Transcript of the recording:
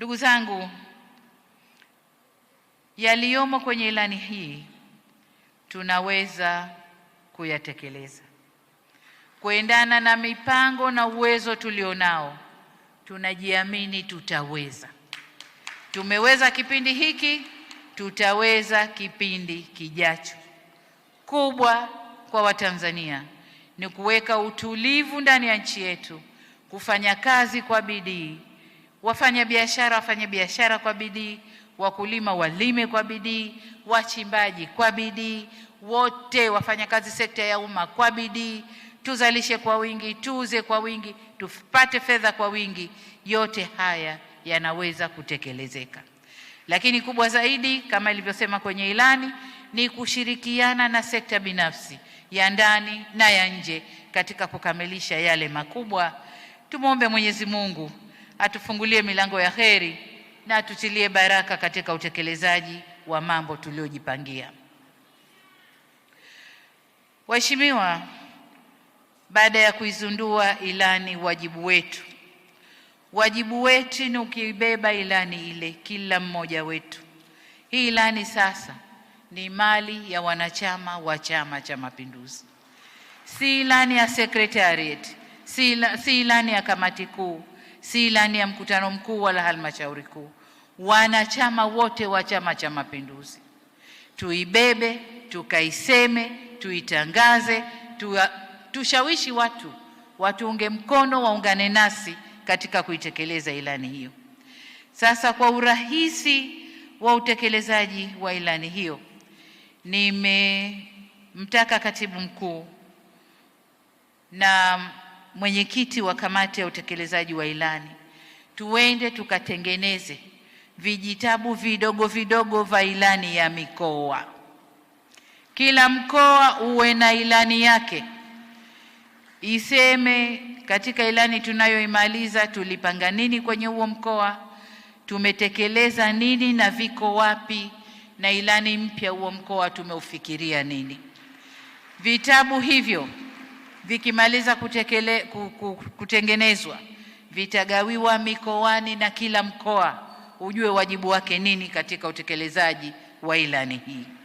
Ndugu zangu, yaliyomo kwenye ilani hii tunaweza kuyatekeleza kuendana na mipango na uwezo tulionao. Tunajiamini tutaweza. Tumeweza kipindi hiki, tutaweza kipindi kijacho. Kubwa kwa Watanzania ni kuweka utulivu ndani ya nchi yetu, kufanya kazi kwa bidii wafanya biashara wafanye biashara kwa bidii, wakulima walime kwa bidii, wachimbaji kwa bidii, wote wafanyakazi sekta ya umma kwa bidii, tuzalishe kwa wingi, tuuze kwa wingi, tupate fedha kwa wingi. Yote haya yanaweza kutekelezeka, lakini kubwa zaidi kama ilivyosema kwenye ilani ni kushirikiana na sekta binafsi ya ndani na ya nje katika kukamilisha yale makubwa. Tumwombe Mwenyezi Mungu atufungulie milango ya heri na atutilie baraka katika utekelezaji wa mambo tuliyojipangia. Waheshimiwa, baada ya kuizundua ilani, wajibu wetu wajibu wetu ni ukibeba ilani ile, kila mmoja wetu. Hii ilani sasa ni mali ya wanachama wa Chama cha Mapinduzi, si ilani ya secretariat, si ilani ya kamati kuu, si ilani ya mkutano mkuu wala halmashauri kuu. Wanachama wote wa Chama cha Mapinduzi tuibebe, tukaiseme, tuitangaze, tuwa, tushawishi watu watuunge mkono, waungane nasi katika kuitekeleza ilani hiyo. Sasa kwa urahisi wa utekelezaji wa ilani hiyo, nimemtaka katibu mkuu na mwenyekiti wa kamati ya utekelezaji wa ilani, tuende tukatengeneze vijitabu vidogo vidogo vya ilani ya mikoa. Kila mkoa uwe na ilani yake, iseme katika ilani tunayoimaliza tulipanga nini kwenye huo mkoa, tumetekeleza nini na viko wapi, na ilani mpya huo mkoa tumeufikiria nini. Vitabu hivyo vikimaliza kutekele, kutengenezwa vitagawiwa mikoani na kila mkoa ujue wajibu wake nini katika utekelezaji wa ilani hii.